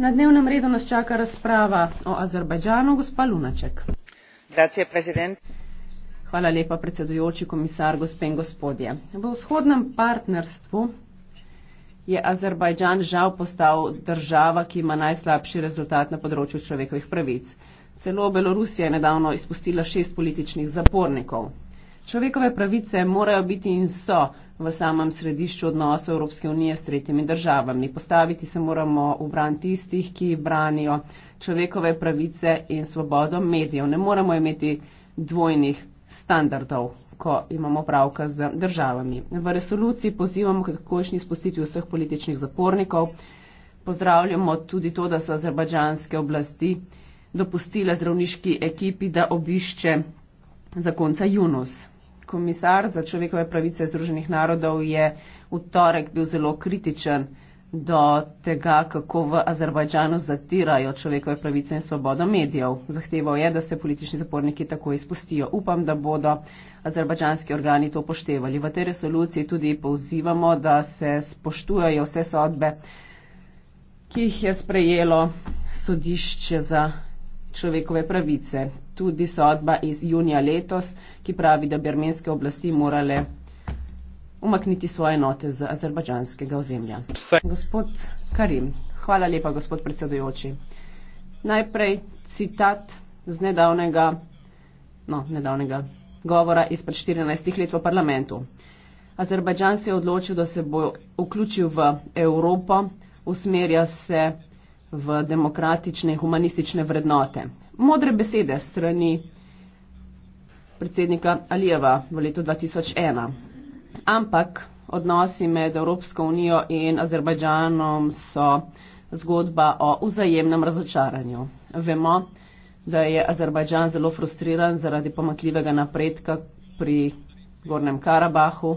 Na dnevnem redu nas čaka razprava o Azerbajdžanu, gospa Lunaček. Hvala lepa, predsedujoči komisar, gospe in gospodje. V vzhodnem partnerstvu je Azerbajdžan žal postal država, ki ima najslabši rezultat na področju človekovih pravic. Celo Belorusija je nedavno izpustila šest političnih zapornikov. Človekove pravice morajo biti in so v samem središču odnosov Evropske unije s tretjimi državami. Postaviti se moramo v bran tistih, ki branijo človekove pravice in svobodo medijev. Ne moremo imeti dvojnih standardov, ko imamo pravka z državami. V resoluciji pozivamo k takošnji spustitvi vseh političnih zapornikov. Pozdravljamo tudi to, da so azerbajdžanske oblasti dopustile zdravniški ekipi, da obišče zakonca Junus komisar za človekove pravice Združenih narodov je v torek bil zelo kritičen do tega, kako v Azerbajdžanu zatirajo človekove pravice in svobodo medijev. Zahteval je, da se politični zaporniki tako izpustijo. Upam, da bodo azerbajdžanski organi to poštevali. V tej resoluciji tudi povzivamo, da se spoštujajo vse sodbe, ki jih je sprejelo sodišče za človekove pravice tudi sodba iz junija letos, ki pravi, da bi armenske oblasti morale umakniti svoje note z azerbajdžanskega ozemlja. Gospod Karim, hvala lepa, gospod predsedujoči. Najprej citat z nedavnega, no, nedavnega govora izpred 14 let v parlamentu. Azerbajdžan se je odločil, da se bo vključil v Evropo, usmerja se v demokratične, humanistične vrednote modre besede strani predsednika Alijeva v letu 2001. Ampak odnosi med Evropsko unijo in Azerbajdžanom so zgodba o vzajemnem razočaranju. Vemo, da je Azerbajdžan zelo frustriran zaradi pomakljivega napredka pri Gornjem Karabahu.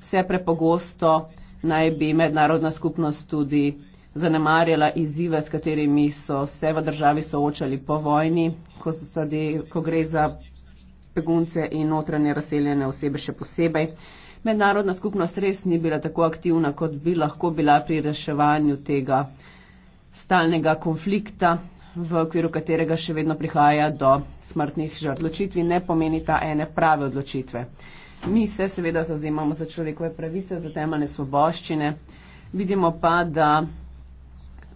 Vse prepogosto naj bi mednarodna skupnost tudi zanemarjala izzive, s katerimi so se v državi soočali po vojni, ko, sadi, ko gre za begunce in notranje razseljene osebe še posebej. Mednarodna skupnost res ni bila tako aktivna, kot bi lahko bila pri reševanju tega stalnega konflikta, v okviru katerega še vedno prihaja do smrtnih žrtv. Odločitvi ne pomeni ta ene prave odločitve. Mi se seveda zauzemamo za človekove pravice, za temeljne svoboščine. Vidimo pa, da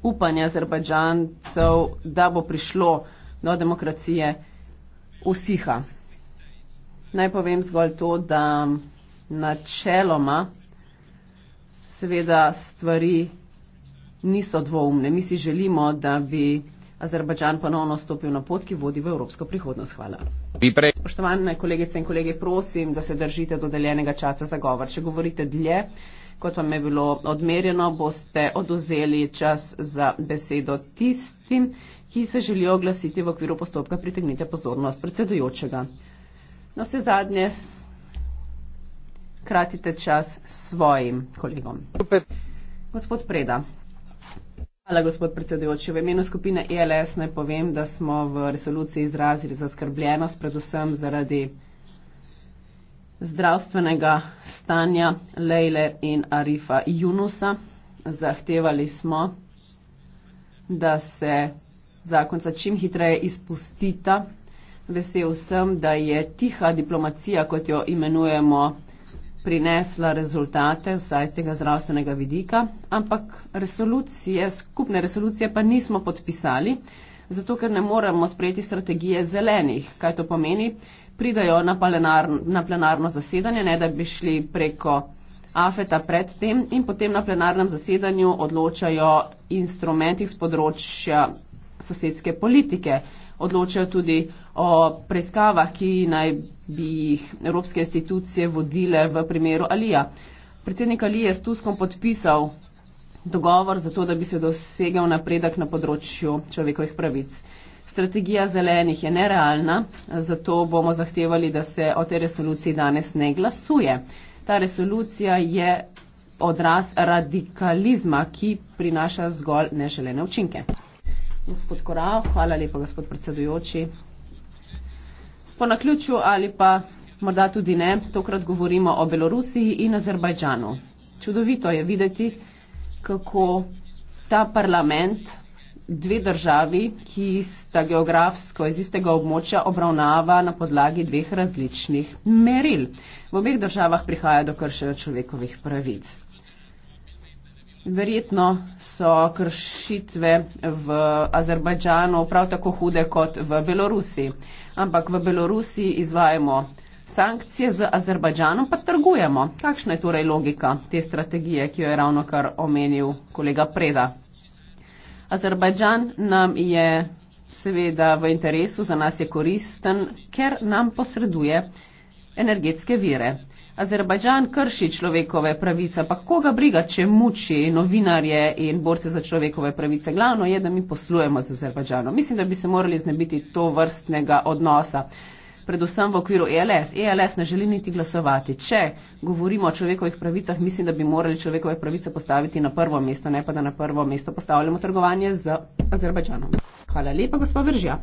upanje Azerbajdžancev, da bo prišlo do demokracije, usiha. Naj povem zgolj to, da načeloma seveda stvari niso dvoumne. Mi si želimo, da bi Azerbajdžan ponovno stopil na pot, ki vodi v evropsko prihodnost. Hvala. Spoštovane kolegice in kolege, prosim, da se držite dodeljenega časa za govor. Če govorite dlje, kot vam je bilo odmerjeno, boste oduzeli čas za besedo tistim, ki se želijo oglasiti v okviru postopka pritegnite pozornost predsedujočega. Na no, vse zadnje kratite čas svojim kolegom. Gospod Preda. Hvala, gospod predsedujoči. V imenu skupine ELS naj povem, da smo v resoluciji izrazili zaskrbljenost predvsem zaradi zdravstvenega stanja Lejle in Arifa Junusa. Zahtevali smo, da se zakonca čim hitreje izpustita. Vesel sem, da je tiha diplomacija, kot jo imenujemo, prinesla rezultate vsaj z tega zdravstvenega vidika, ampak resolucije, skupne resolucije pa nismo podpisali zato ker ne moremo sprejeti strategije zelenih. Kaj to pomeni? Pridajo na, plenar, na plenarno zasedanje, ne da bi šli preko afeta predtem in potem na plenarnem zasedanju odločajo instrumentih z področja sosedske politike. Odločajo tudi o preiskavah, ki naj bi jih evropske institucije vodile v primeru Alija. Predsednik Alija je s Tuskom podpisal dogovor za to, da bi se dosegel napredek na področju človekovih pravic. Strategija zelenih je nerealna, zato bomo zahtevali, da se o tej resoluciji danes ne glasuje. Ta resolucija je odraz radikalizma, ki prinaša zgolj neželene učinke. Gospod Korav, hvala lepa, gospod predsedujoči. Po naključju ali pa morda tudi ne, tokrat govorimo o Belorusiji in Azerbajdžanu. Čudovito je videti, kako ta parlament, dve državi, ki sta geografsko iz istega območja, obravnava na podlagi dveh različnih meril. V obeh državah prihaja do kršenja človekovih pravic. Verjetno so kršitve v Azerbajdžanu prav tako hude kot v Belorusiji, ampak v Belorusiji izvajamo sankcije z Azerbajdžanom pa trgujemo. Kakšna je torej logika te strategije, ki jo je ravno kar omenil kolega Preda? Azerbajdžan nam je seveda v interesu, za nas je koristen, ker nam posreduje energetske vire. Azerbajdžan krši človekove pravice, pa koga briga, če muči novinarje in borce za človekove pravice. Glavno je, da mi poslujemo z Azerbajdžanom. Mislim, da bi se morali znebiti to vrstnega odnosa predvsem v okviru ELS. ELS ne želi niti glasovati. Če govorimo o človekovih pravicah, mislim, da bi morali človekove pravice postaviti na prvo mesto, ne pa da na prvo mesto postavljamo trgovanje z Azerbajdžanom. Hvala lepa, gospod Vržja.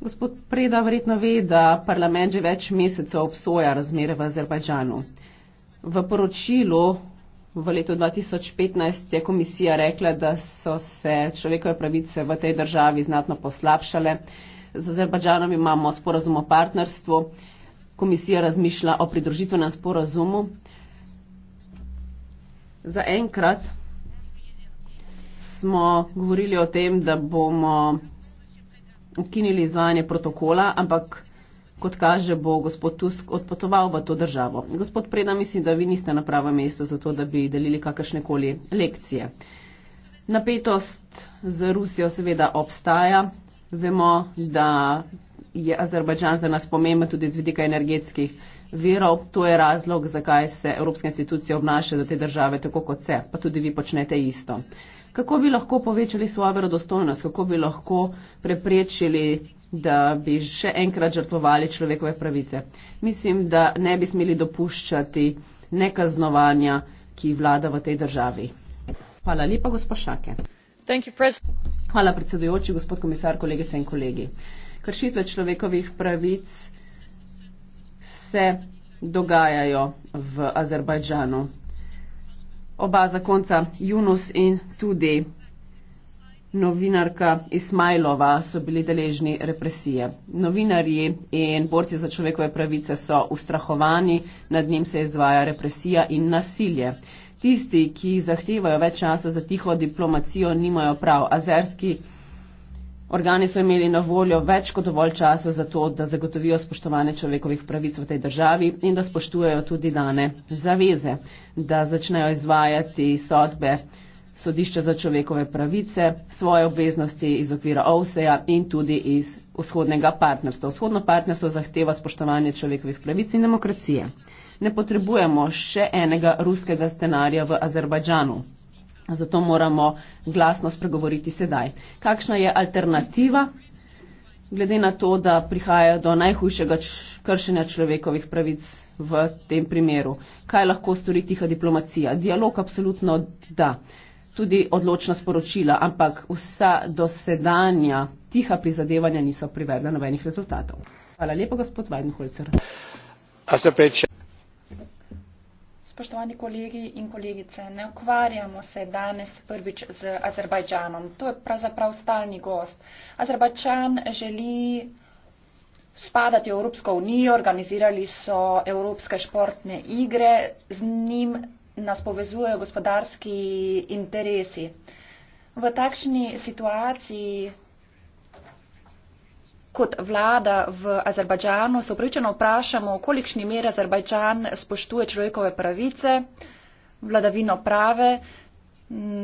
Gospod Preda verjetno ve, da parlament že več mesecev obsoja razmere v Azerbajdžanu. V poročilu V letu 2015 je komisija rekla, da so se človekove pravice v tej državi znatno poslabšale. Z Azerbajdžanom imamo sporazum o partnerstvu. Komisija razmišlja o pridružitvenem sporazumu. Za enkrat smo govorili o tem, da bomo ukinili izvajanje protokola, ampak kot kaže, bo gospod Tusk odpotoval v to državo. Gospod Preda, mislim, da vi niste na pravo mesto za to, da bi delili kakršne koli lekcije. Napetost z Rusijo seveda obstaja. Vemo, da je Azerbajdžan za nas pomemben tudi z vidika energetskih virov. To je razlog, zakaj se evropske institucije obnašajo do te države tako, kot se. Pa tudi vi počnete isto. Kako bi lahko povečali svojo verodostojnost, kako bi lahko preprečili da bi še enkrat žrtvovali človekove pravice. Mislim, da ne bi smeli dopuščati nekaznovanja, ki vlada v tej državi. Hvala lepa, gospod Šake. Hvala predsedujoči, gospod komisar, kolegice in kolegi. Kršitve človekovih pravic se dogajajo v Azerbajdžanu. Oba zakonca Junus in tudi novinarka Ismajlova so bili deležni represije. Novinarji in borci za človekove pravice so ustrahovani, nad njim se izvaja represija in nasilje. Tisti, ki zahtevajo več časa za tiho diplomacijo, nimajo prav. Azerski organi so imeli na voljo več kot dovolj časa za to, da zagotovijo spoštovanje človekovih pravic v tej državi in da spoštujejo tudi dane zaveze, da začnejo izvajati sodbe sodišča za človekove pravice, svoje obveznosti iz okvira OVSE-ja in tudi iz vzhodnega partnerstva. Vzhodno partnerstvo zahteva spoštovanje človekovih pravic in demokracije. Ne potrebujemo še enega ruskega scenarija v Azerbajdžanu. Zato moramo glasno spregovoriti sedaj. Kakšna je alternativa, glede na to, da prihaja do najhujšega kršenja človekovih pravic v tem primeru? Kaj lahko stori tiha diplomacija? Dialog absolutno da tudi odločna sporočila, ampak vsa dosedanja tiha prizadevanja niso privedla nobenih rezultatov. Hvala lepa, gospod Weidenholzer. Spoštovani kolegi in kolegice, ne ukvarjamo se danes prvič z Azerbajdžanom. To je pravzaprav stalni gost. Azerbajdžan želi spadati v Evropsko unijo, organizirali so Evropske športne igre, z njim nas povezujejo gospodarski interesi. V takšni situaciji kot vlada v Azerbajdžanu se upravičeno vprašamo, kolikšni meri Azerbajdžan spoštuje človekove pravice, vladavino prave,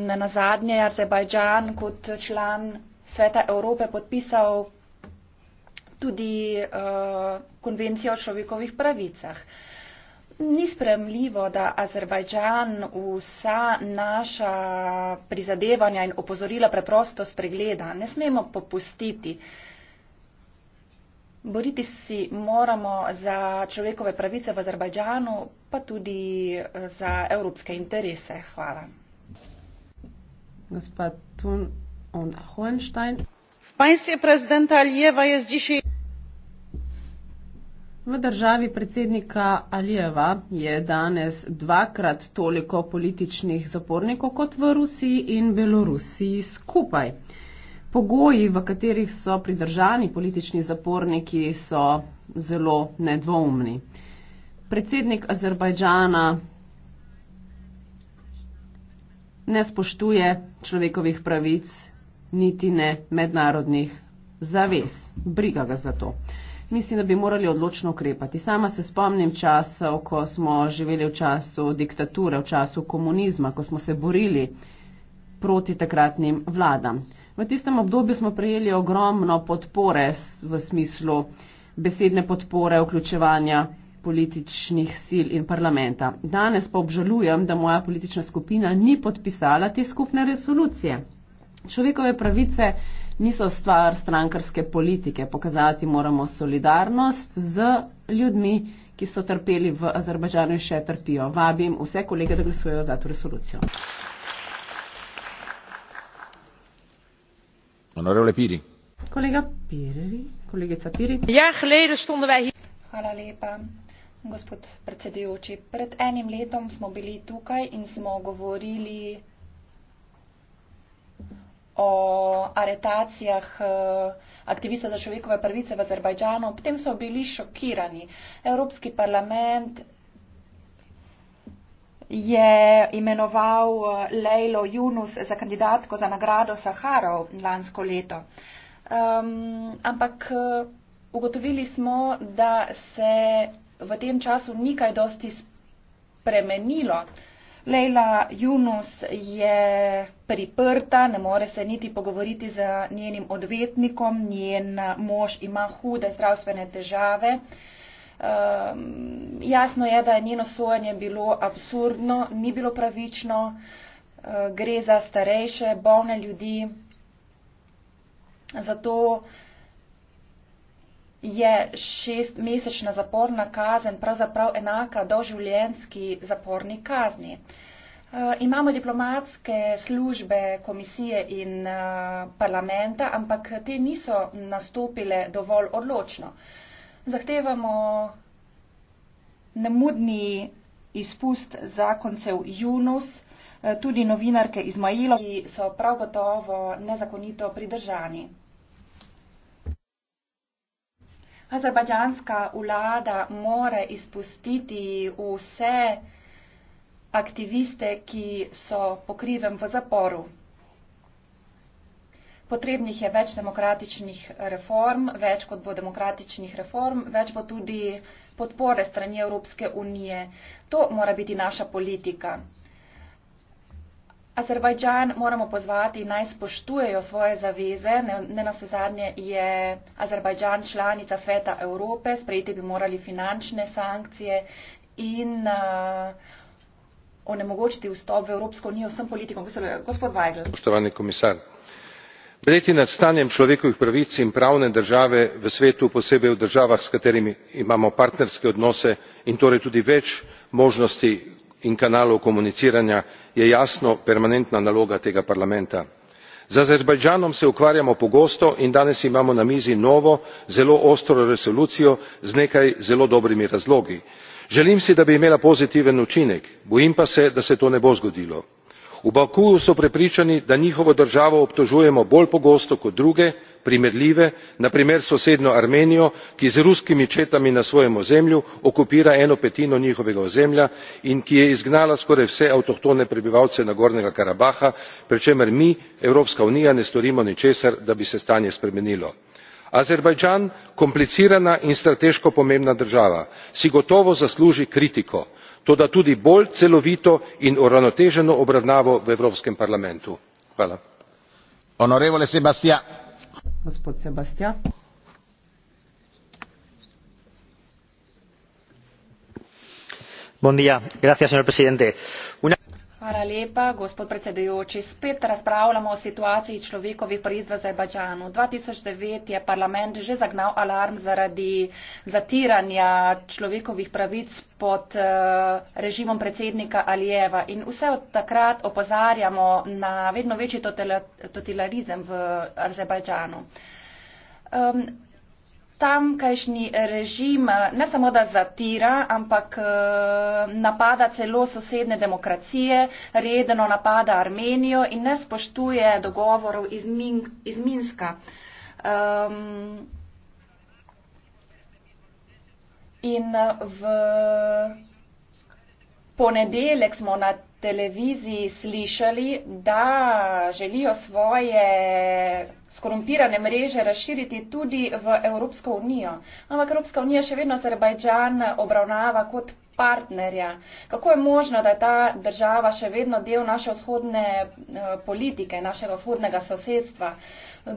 na nazadnje je Azerbajdžan kot član Sveta Evrope podpisal tudi uh, konvencijo o človekovih pravicah. Uh, Ni spremljivo, da Azerbajdžan vsa naša prizadevanja in opozorila preprosto spregleda. Ne smemo popustiti. Boriti si moramo za človekove pravice v Azerbajdžanu, pa tudi eh, za evropske interese. Hvala. Gospod Tun on Hohenstein. Panjske prezidenta Alijeva je zdišil. V državi predsednika Alijeva je danes dvakrat toliko političnih zapornikov kot v Rusiji in Belorusiji skupaj. Pogoji, v katerih so pridržani politični zaporniki, so zelo nedvoumni. Predsednik Azerbajdžana ne spoštuje človekovih pravic, niti ne mednarodnih zavez. Briga ga za to mislim, da bi morali odločno ukrepati. Sama se spomnim časov, ko smo živeli v času diktature, v času komunizma, ko smo se borili proti takratnim vladam. V tistem obdobju smo prejeli ogromno podpore v smislu besedne podpore, vključevanja političnih sil in parlamenta. Danes pa obžalujem, da moja politična skupina ni podpisala te skupne resolucije. Človekove pravice niso stvar strankarske politike. Pokazati moramo solidarnost z ljudmi, ki so trpeli v Azerbajdžanu in še trpijo. Vabim vse kolege, da glasujejo za to resolucijo. Honorable Piri. Kolega Piri, kolegica Piri. Ja, hlede, stonden wij hier. Hvala lepa. Gospod predsedujoči, pred enim letom smo bili tukaj in smo govorili o aretacijah eh, aktivista za človekove pravice v Azerbajdžanu. Potem so bili šokirani. Evropski parlament je imenoval eh, Lejlo Junus za kandidatko za nagrado Saharov lansko leto. Um, ampak eh, ugotovili smo, da se v tem času ni kaj dosti spremenilo. Leila Junus je priprta, ne more se niti pogovoriti z njenim odvetnikom, njen mož ima hude zdravstvene težave. Um, jasno je, da je njeno sojanje bilo absurdno, ni bilo pravično, uh, gre za starejše, bolne ljudi. Zato je šestmesečna zaporna kazen pravzaprav enaka doživljenski zaporni kazni. Eh, imamo diplomatske službe komisije in eh, parlamenta, ampak te niso nastopile dovolj odločno. Zahtevamo nemudni izpust zakoncev Junus, eh, tudi novinarke Izmailo, ki so prav gotovo nezakonito pridržani. azerbajdžanska vlada mora izpustiti vse aktiviste, ki so pokriven v zaporu. Potrebnih je več demokratičnih reform, več kot bo demokratičnih reform, več bo tudi podpore strani Evropske unije. To mora biti naša politika. Azerbajdžan moramo pozvati naj spoštujejo svoje zaveze. Ne na vse zadnje je Azerbajdžan članica sveta Evrope, sprejeti bi morali finančne sankcije in uh, onemogočiti vstop v Evropsko unijo vsem politikom. Gospod Weigl. Poštovani komisar. Breti nad stanjem človekovih pravic in pravne države v svetu, posebej v državah, s katerimi imamo partnerske odnose in torej tudi več možnosti in kanalov komuniciranja je jasno permanentna naloga tega parlamenta. z azerbajdžanom se ukvarjamo pogosto in danes imamo na mizi novo zelo ostro resolucijo z nekaj zelo dobrimi razlogi. želim si da bi imela pozitiven učinek bojim pa se da se to ne bo zgodilo. v bakuju so prepričani da njihovo državo obtožujemo bolj pogosto kot druge primerljive na primer s sosednjo armenijo ki z ruskimi četami na svojem ozemlju okupira eno petino njihovega ozemlja in ki je izgnala skoraj vse avtohtone prebivalce nagornega karabaha pri čemer mi evropska unija ne storimo ničesar da bi se stanje spremenilo. azerbajdžan komplicirana in strateško pomembna država si gotovo zasluži kritiko toda tudi bolj celovito in uravnoteženo obravnavo v evropskem parlamentu gospod Sebastian. Buen día. Gracias, señor presidente. Una... Hvala lepa, gospod predsedujoči. Spet razpravljamo o situaciji človekovih pravic v Azerbajdžanu. 2009 je parlament že zagnal alarm zaradi zatiranja človekovih pravic pod eh, režimom predsednika Alijeva in vse od takrat opozarjamo na vedno večji totalitarizem v Azerbajdžanu tamkajšnji režim eh, ne samo, da zatira, ampak eh, napada celo sosedne demokracije, redno napada Armenijo in ne spoštuje dogovorov iz, Min iz Minska. Um, in eh, v ponedeljek smo na televiziji slišali, da želijo svoje skorumpirane mreže razširiti tudi v Evropsko unijo. Ampak Evropska unija še vedno Azerbajdžan obravnava kot partnerja. Kako je možno, da je ta država še vedno del naše vzhodne eh, politike, našega vzhodnega sosedstva?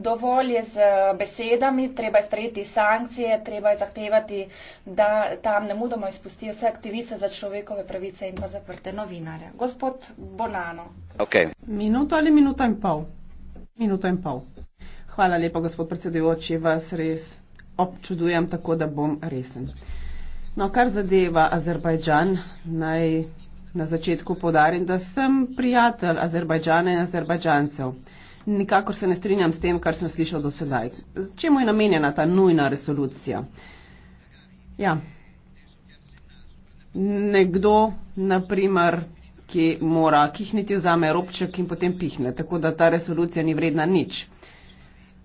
Dovolj je z eh, besedami, treba je sprejeti sankcije, treba je zahtevati, da tam ne mudoma izpustijo vse aktiviste za človekove pravice in pa zaprte novinare. Gospod Bonano. Okay. Minuto ali minuta in pol? Minuta in pol. Hvala lepa, gospod predsedujoči, vas res občudujem tako, da bom resen. No, kar zadeva Azerbajdžan, naj na začetku podarim, da sem prijatelj Azerbajdžana in Azerbajdžancev. Nikakor se ne strinjam s tem, kar sem slišal do sedaj. Čemu je namenjena ta nujna resolucija? Ja. Nekdo, naprimer, ki mora kihniti, vzame robček in potem pihne. Tako da ta resolucija ni vredna nič.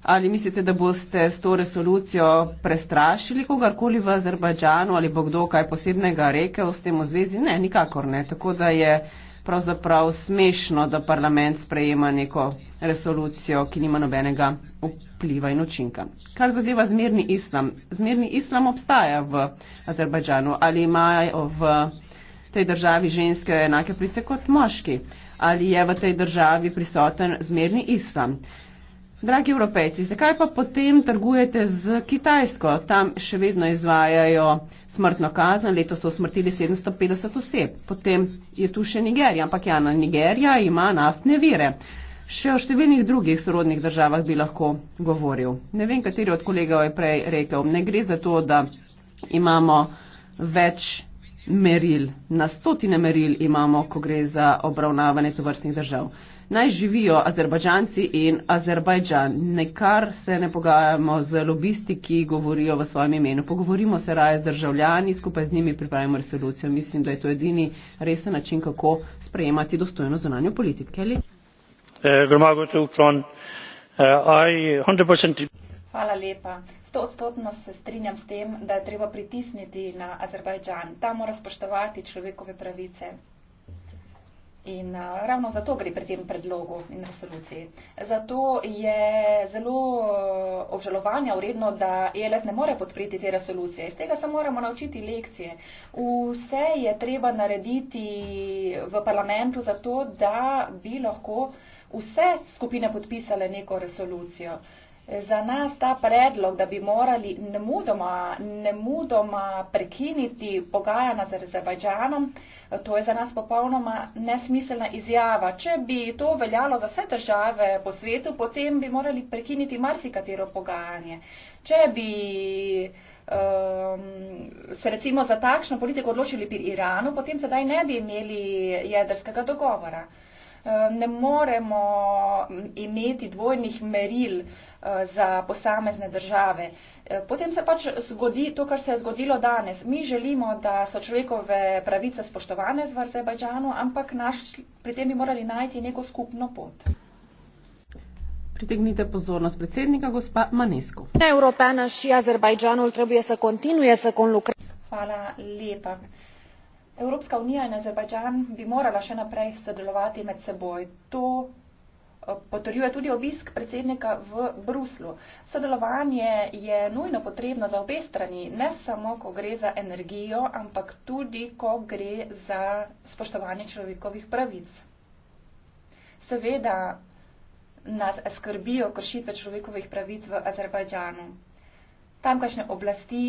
Ali mislite, da boste s to resolucijo prestrašili kogarkoli v Azerbajdžanu ali bo kdo kaj posebnega rekel s tem v zvezi? Ne, nikakor ne. Tako da je pravzaprav smešno, da parlament sprejema neko resolucijo, ki nima nobenega vpliva in učinka. Kar zadeva zmerni islam. Zmerni islam obstaja v Azerbajdžanu. Ali imajo v tej državi ženske enake price kot moški? Ali je v tej državi prisoten zmerni islam? Dragi evropejci, zakaj pa potem trgujete z Kitajsko? Tam še vedno izvajajo smrtno kazen, leto so usmrtili 750 oseb. Potem je tu še Nigerija, ampak ja, Nigerija ima naftne vire. Še o številnih drugih sorodnih državah bi lahko govoril. Ne vem, kateri od kolegov je prej rekel, ne gre za to, da imamo več meril, na stotine meril imamo, ko gre za obravnavanje tovrstnih držav naj živijo Azerbajdžanci in Azerbajdžan. Nekar se ne pogajamo z lobisti, ki govorijo v svojem imenu. Pogovorimo se raje z državljani, skupaj z njimi pripravimo resolucijo. Mislim, da je to edini resen način, kako sprejemati dostojno zunanjo politiko. Eh, eh, Hvala lepa. Sto odstotno se strinjam s tem, da je treba pritisniti na Azerbajdžan. Ta mora spoštovati človekove pravice. In eh, ravno zato gre pri tem predlogu in resoluciji. Zato je zelo eh, obžalovanja vredno, da ELF ne more podpreti te resolucije. Iz tega se moramo naučiti lekcije. Vse je treba narediti v parlamentu zato, da bi lahko vse skupine podpisale neko resolucijo. Uh, za nas ta predlog, da bi morali nemudoma, nemudoma prekiniti pogajanja z Azerbajdžanom, to je za nas popolnoma nesmiselna izjava. Če bi to veljalo za vse države po svetu, potem bi morali prekiniti marsikatero pogajanje. Če bi um, se recimo za takšno politiko odločili pri Iranu, potem sedaj ne bi imeli jedrskega dogovora. Uh, Eh, ne moremo mm, imeti dvojnih meril eh, za posamezne države. Eh, potem se pač zgodi to, kar se je zgodilo danes. Mi želimo, da so človekove pravice spoštovane v Azerbajdžanu, ampak naš, pri tem bi morali najti neko skupno pot. Pritegnite pozornost predsednika, gospa Manesko. Hvala lepa. Evropska unija in Azerbajdžan bi morala še naprej sodelovati med seboj. To eh, potrjuje tudi obisk predsednika v Bruslu. Sodelovanje je nujno potrebno za obe strani, ne samo, ko gre za energijo, ampak tudi, ko gre za spoštovanje človekovih pravic. Seveda nas skrbijo kršitve človekovih pravic v Azerbajdžanu. Tamkajšnje oblasti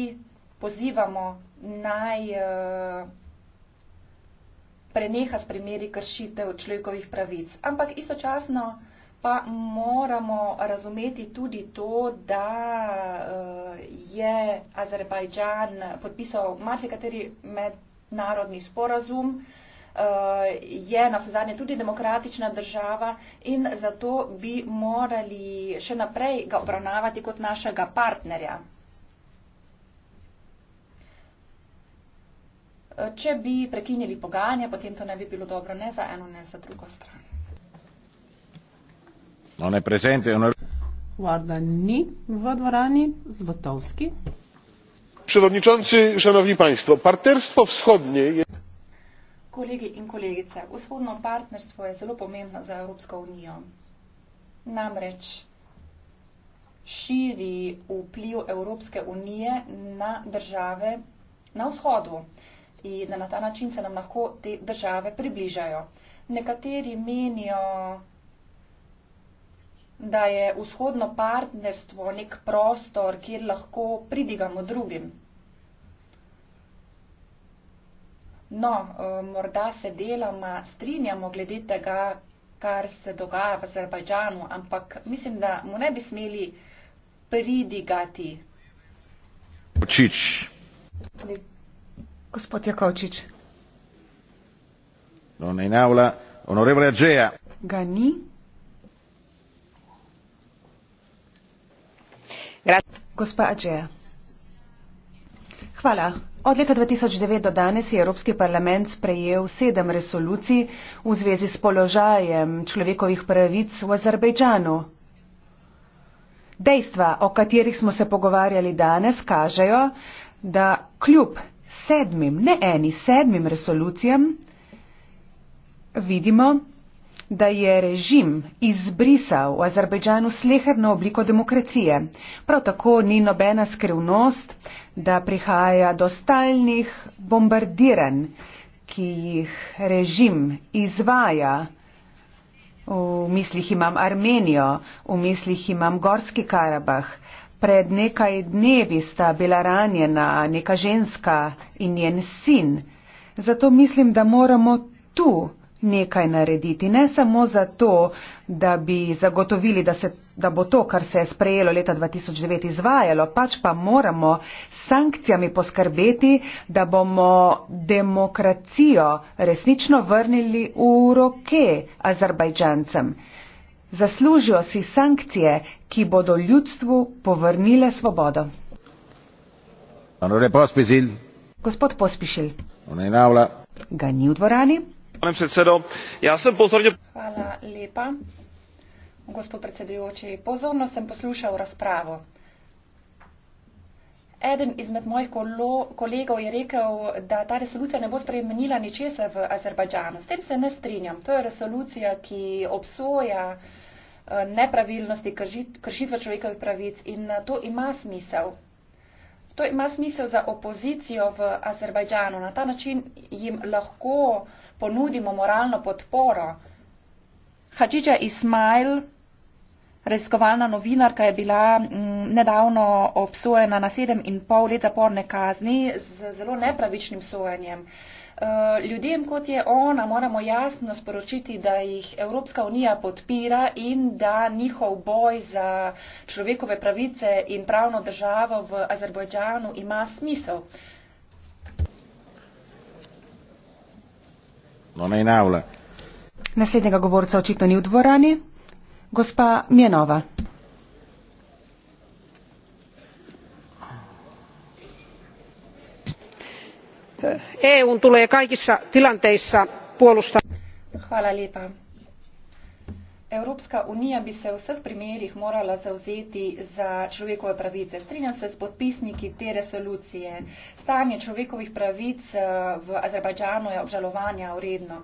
pozivamo naj. Uh, preneha s primeri kršitev človekovih pravic. Ampak istočasno pa moramo razumeti tudi to, da eh, je Azerbajdžan podpisal marsikateri mednarodni sporazum, eh, je na vse zadnje tudi demokratična država in zato bi morali še naprej ga obravnavati kot našega partnerja. Če bi prekinjali pogajanja, potem to ne bi bilo dobro ne za eno, ne za drugo stran. No, ne prezente, ne... Warda ni v dvorani, Zvotovski. Przewodniczący, Szanowni Państwo, Partnerstwo Wschodnie jest... Kolegi i kolegice, wschodnie partnerstwo jest bardzo pomembne za Europejską Unią. Namreć szeri wpływ Europejskiej Unii na države na wschodzie in da na ta način se nam lahko te države približajo. Nekateri menijo, da je vzhodno partnerstvo nek prostor, kjer lahko pridigamo drugim. No, eh, morda se deloma strinjamo glede tega, kar se dogaja v Azerbajdžanu, ampak mislim, da mu ne bi smeli pridigati. Očič. Gospod Jakovčič. Non è in aula. Onorevole Agea. Gani. Grazie. Gospa Agea. Hvala. Od leta 2009 do danes je Evropski parlament sprejel sedem resolucij v zvezi s položajem človekovih pravic v Azerbejdžanu. Dejstva, o katerih smo se pogovarjali danes, kažejo, da kljub sedmim, ne eni, sedmim resolucijam vidimo, da je režim izbrisal v Azerbajdžanu sleherno obliko demokracije. Prav tako ni nobena skrivnost, da prihaja do stalnih bombardiranj, ki jih režim izvaja. V mislih imam Armenijo, v mislih imam Gorski Karabah, Pred nekaj dnevi sta bila ranjena neka ženska in njen sin. Zato mislim, da moramo tu nekaj narediti, ne samo zato, da bi zagotovili, da, se, da bo to, kar se je sprejelo leta 2009, izvajalo, pač pa moramo s sankcijami poskrbeti, da bomo demokracijo resnično vrnili v roke Azerbajdžancem. Zaslužijo si sankcije, ki bodo ljudstvu povrnile svobodo. Pospisil. Gospod Pospišil. Ga ni v dvorani. Hvala lepa, gospod predsedujoči. Pozorno sem poslušal razpravo eden izmed mojih kolo, kolegov je rekel, da ta resolucija ne bo spremenila ničesa v Azerbajdžanu. S tem se ne strinjam. To je resolucija, ki obsoja eh, nepravilnosti, kršitve človekovih pravic in eh, to ima smisel. To ima smisel za opozicijo v Azerbajdžanu. Na ta način jim lahko ponudimo moralno podporo. Hadžiča Ismail. Raziskovalna novinarka je bila mm, nedavno obsojena na sedem in pol let zaporne kazni z zelo nepravičnim sojenjem. Eh, ljudem, kot je ona, moramo jasno sporočiti, da jih Evropska unija podpira in da njihov boj za človekove pravice in pravno državo v Azerbojdžanu ima smisel. Naslednjega govorca očitno ni v dvorani gospa mienova eu n tulee kaikissa tilanteissa puolustaa. hvala lepa evropska unija bi se v vseh primerih morala zavzeti za človekove pravice strinjam se s podpisniki te resolucije stanje človekovih pravic eh, v azerbajdžanu je obžalovanja vredno.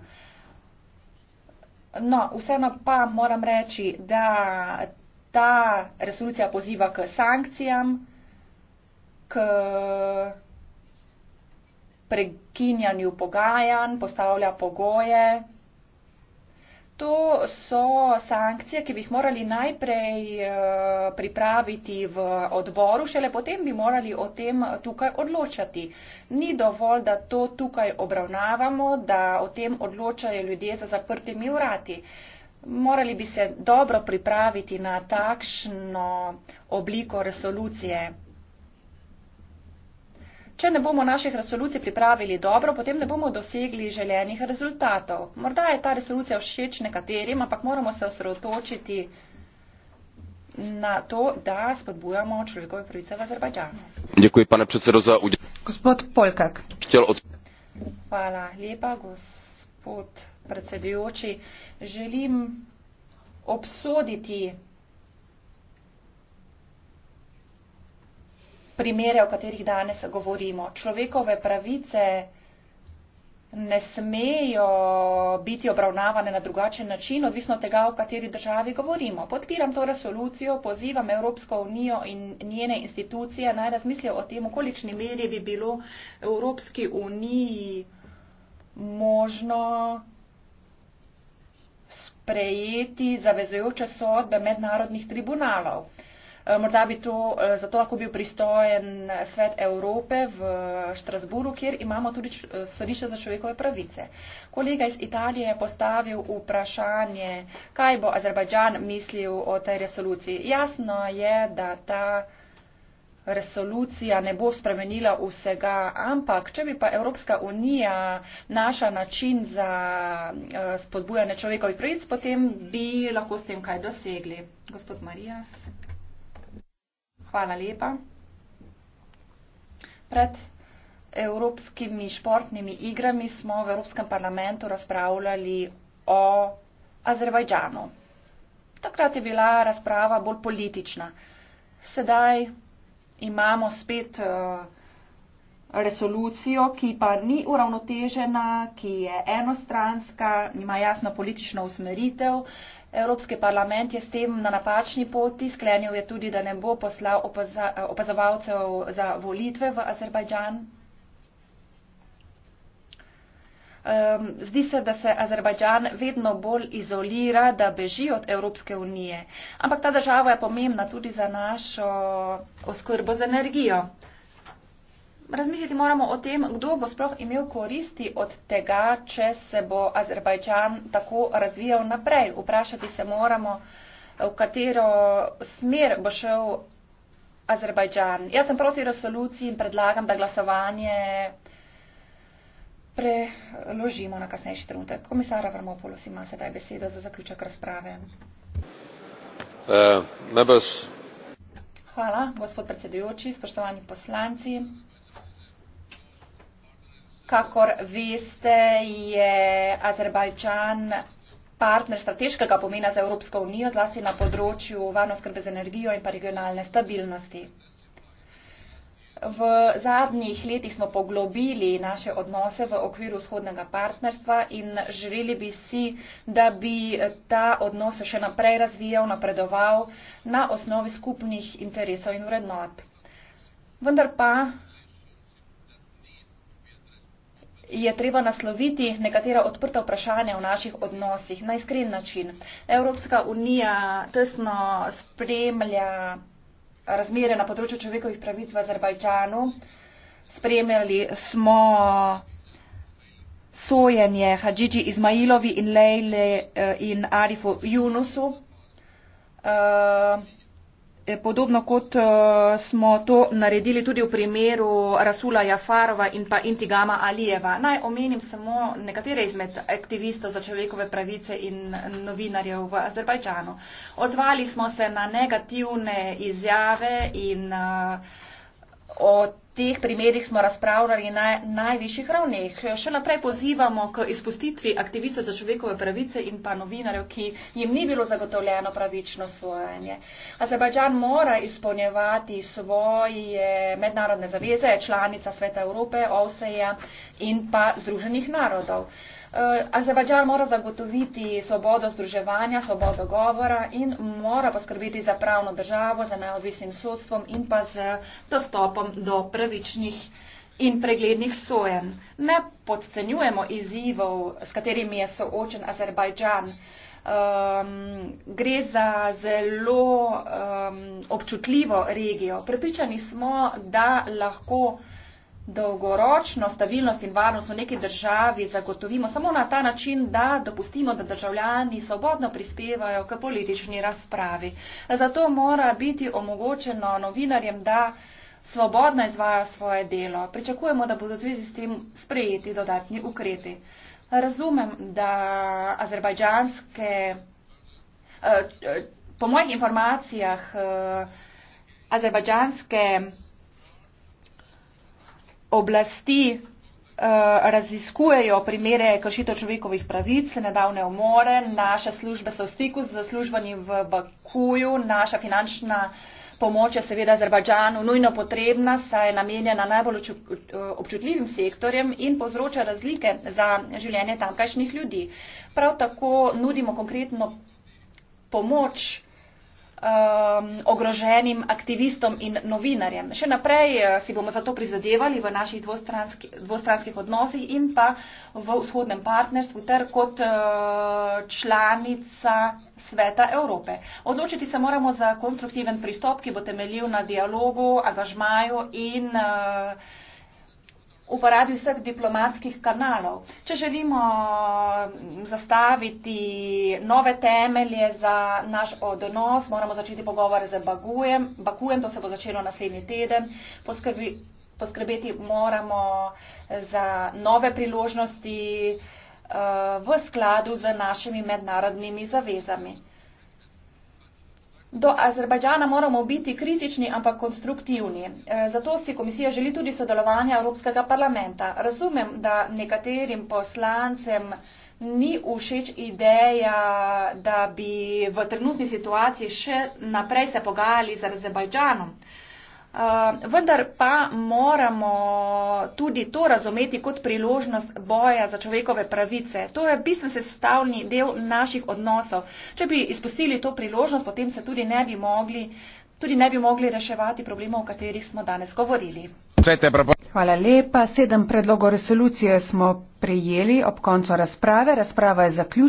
No, vseeno pa moram reči, da ta resolucija poziva k sankcijam, k prekinjanju pogajanj, postavlja pogoje, to so sankcije, ki bi jih morali najprej eh, pripraviti v odboru, šele potem bi morali o tem tukaj odločati. Ni dovolj, da to tukaj obravnavamo, da o tem odločajo ljudje za zaprtimi vrati. Morali bi se dobro pripraviti na takšno obliko resolucije. Če ne bomo naših resolucij pripravili dobro, potem ne bomo dosegli željenih rezultatov. Morda je ta resolucija všeč nekaterim, ampak moramo se osredotočiti na to, da spodbujamo človekove pravice v Azerbajdžanu. Děkuji, pane predsedo, za udjelitev. Gospod Polkak. Od... Hvala lepa, gospod predsedujoči. Želim obsoditi primere, o katerih danes govorimo. Človekove pravice ne smejo biti obravnavane na drugačen način, odvisno od tega, o kateri državi govorimo. Podpiram to resolucijo, pozivam Evropsko unijo in njene institucije naj razmislijo o tem, v kolikšni meri bi bilo Evropski uniji možno sprejeti zavezujoče sodbe mednarodnih tribunalov. Eh, morda bi to, eh, zato lahko bil pristojen svet Evrope v Štrasburu, kjer imamo tudi eh, sodišče za človekove pravice. Kolega iz Italije je postavil vprašanje, kaj bo Azerbajdžan mislil o tej resoluciji. Jasno je, da ta resolucija ne bo spremenila vsega, ampak če bi pa Evropska unija naša način za spodbujanje človekovih pravic, potem bi lahko s tem kaj dosegli. Gospod Marijas. Hvala lepa. Pred evropskimi športnimi igrami smo v Evropskem parlamentu razpravljali o Azerbajdžanu. Takrat je bila razprava bolj politična. Sedaj imamo spet eh, resolucijo, ki pa ni uravnotežena, ki je enostranska, ima jasno politično usmeritev Evropski parlament je s tem na napačni poti, sklenil je tudi, da ne bo poslal opaza, opazovalcev za volitve v Azerbajdžan. Um, zdi se, da se Azerbajdžan vedno bolj izolira, da beži od Evropske unije. Ampak ta država je pomembna tudi za našo oskrbo z energijo razmisliti moramo o tem, kdo bo sploh imel koristi od tega, če se bo Azerbajčan tako razvijal naprej. Vprašati se moramo, v katero smer bo šel Azerbajčan. Jaz sem proti resoluciji in predlagam, da glasovanje preložimo na kasnejši trenutek. Komisar Avramopoulos ima sedaj besedo za zaključek razprave. Uh, Hvala, gospod predsedujoči, spoštovani poslanci. Kakor veste, je Azerbajdžan partner strateškega pomena za Evropsko unijo, zlasti na področju varnoskrbe z energijo in pa regionalne stabilnosti. V zadnjih letih smo poglobili naše odnose v okviru vzhodnega partnerstva in želeli bi si, da bi ta odnos še naprej razvijal, napredoval na osnovi skupnih interesov in vrednot. Vendar pa je treba nasloviti nekatera odprta vprašanja v naših odnosih na iskren način. Evropska unija tesno spremlja razmere na področju človekovih pravic v Azerbajdžanu. Spremljali smo sojenje Hadžiči Izmailovi in Lejle eh, in Arifu Junusu. Uh, eh, Eh, podobno kot uh, smo to naredili tudi v primeru Rasula Jafarova in pa Intigama Alijeva. Naj omenim samo nekatere izmed aktivistov za človekove pravice in novinarjev v Azerbajčanu. Odzvali smo se na negativne izjave in uh, od teh primerjih smo razpravljali na najvišjih ravneh. Še naprej pozivamo k izpustitvi aktivistov za človekove pravice in pa novinarjev, ki jim ni bilo zagotovljeno pravično sojanje. Azerbajdžan mora izpolnjevati svoje mednarodne zaveze, članica Sveta Evrope, OSEJA in pa Združenih narodov. Eh, Azerbajdžan mora zagotoviti svobodo združevanja, svobodo govora in mora poskrbeti za pravno državo, za neodvisnim sodstvom in pa z dostopom do pravičnih in preglednih sojen. Ne podcenjujemo izzivov, s katerimi je soočen Azerbajdžan. Um, gre za zelo um, občutljivo regijo. Pripričani smo, da lahko dolgoročno stabilnost in varnost v neki državi zagotovimo samo na ta način, da dopustimo, da državljani svobodno prispevajo k politični razpravi. Zato mora biti omogočeno novinarjem, da svobodno izvajo svoje delo. Pričakujemo, da bodo v zvezi s tem sprejeti dodatni ukrepi. Razumem, da azerbajdžanske, eh, eh, po mojih informacijah, eh, azerbajdžanske oblasti eh, raziskujejo primere kršitev človekovih pravic, nedavne umore, naše službe so v stiku z službami v Bakuju, naša finančna pomoč je seveda Azerbajdžanu nujno potrebna, saj je namenjena najbolj občutljivim sektorjem in povzroča razlike za življenje tamkajšnjih ljudi. Prav tako nudimo konkretno pomoč um, ogroženim aktivistom in novinarjem. Še naprej eh, si bomo zato prizadevali v naših dvostranski, dvostranskih odnosih in pa v vzhodnem partnerstvu ter kot uh, članica sveta Evrope. Odločiti se moramo za konstruktiven pristop, ki bo temeljil na dialogu, angažmaju in uh, uporabi vseh diplomatskih kanalov. Če želimo mm, zastaviti nove temelje za naš odnos, moramo začeti pogovore z Bakujem. Bakujem, to se bo začelo naslednji teden. Poskrbi, poskrbeti moramo za nove priložnosti uh, v skladu z našimi mednarodnimi zavezami. Do Azerbajdžana moramo biti kritični, ampak konstruktivni. E, zato si komisija želi tudi sodelovanja Evropskega parlamenta. Razumem, da nekaterim poslancem ni všeč ideja, da bi v trenutni situaciji še naprej se pogajali z Azerbajdžanom. Eh, vendar pa moramo tudi to razumeti kot priložnost boja za človekove pravice. To je bistven sestavni del naših odnosov. Če bi izpustili to priložnost, potem se tudi ne bi mogli, tudi ne bi mogli reševati problemov, o katerih smo danes govorili. Hvala lepa. Sedem predlogov resolucije smo prejeli ob koncu razprave. Razprava je zaključena.